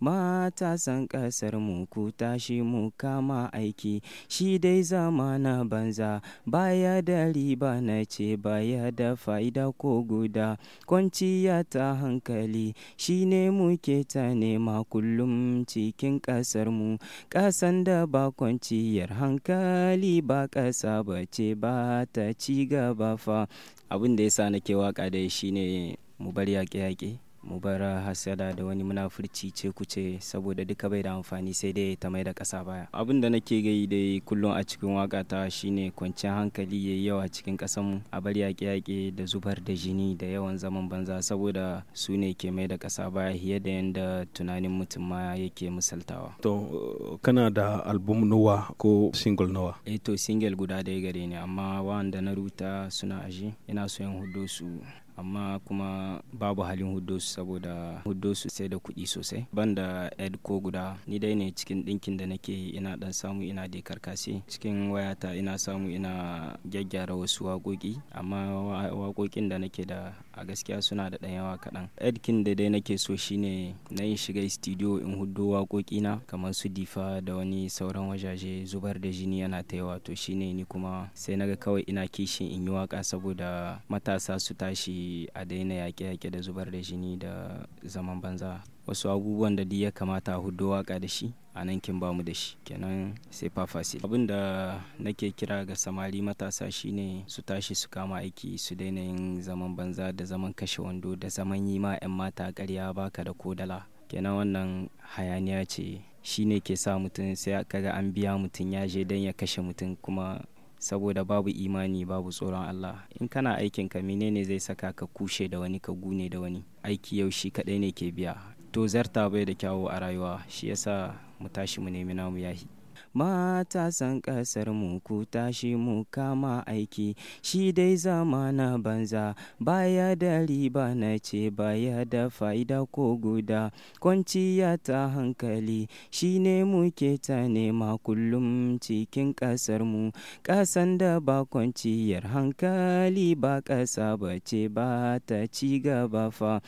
matasan ƙasar mu ku tashi mu kama aiki shi dai zama na banza baya da riba na ce baya da fa'ida ko guda kwanciya ta hankali shi ne ke ta nema kullum cikin ƙasar mu ƙasan da ba kwanciyar hankali ba ƙasa ba ce ba ta ci gaba fa abin da ya sa na ke waka dai shine mu bar yaƙe-yaƙe mu bar hasada da wani munafurci ce kuce saboda duka bai da amfani sai dai ta mai da ƙasa baya abin da nake gai dai kullum a cikin waka ta shine kwanciyar hankali yayi yawa cikin mu a bari yaƙe yaƙe da zubar da jini da yawan zaman banza saboda su ne ke mai da ƙasa baya hiya da yanda tunanin mutum ma yake misaltawa to kana da album nowa ko single nawa eh to single guda ɗaya gare ni amma wanda na ruta suna aji ina so in hudo su amma kuma babu halin huddosu saboda huddosu sai da kuɗi sosai ban da ed ko guda ni dai ne cikin ɗinkin da nake ina dan samu ina da karkasi cikin wayata ina samu ina gyaggyara wasu wakoki amma waƙoƙin da nake da a gaskiya suna da ɗan yawa kaɗan edkin da dai nake so shine na yin shiga studio in huddo na kamar su difa da wani sauran wajaje zubar da jini yana ta yawa to shine ni kuma sai naga kawai ina kishin in yi waka saboda matasa su tashi a daina yaƙe-yaƙe da zubar da jini da zaman banza wasu abubuwan da ya kamata a hudu waka da shi a nan kin bamu da shi kenan sai fafasi abin da nake kira ga samari matasa shine su tashi su kama aiki su daina yin zaman banza da zaman kashe wando da zaman yi ma 'yan mata karya baka da kodala kenan wannan hayaniya ce shine ke sa mutum sai kaga an biya mutum ya je don ya kashe mutum kuma saboda babu imani babu tsoron Allah in kana aikin ka menene zai saka ka kushe da wani ka gune da wani aiki yau shi kadai ne ke biya to zarta bai da kyawu a rayuwa shi yasa mu tashi mu nemi namu yahi Matasan ƙasar mu ku tashi mu kama aiki, shi dai zama na banza, baya da riba na ce baya da fa'ida ko guda, kwanciya ta hankali, shi ne mu ke ta nema kullum cikin ƙasar mu, ƙasan da ba kwanciyar hankali ba ƙasa ba ce ba ta ci gaba fa.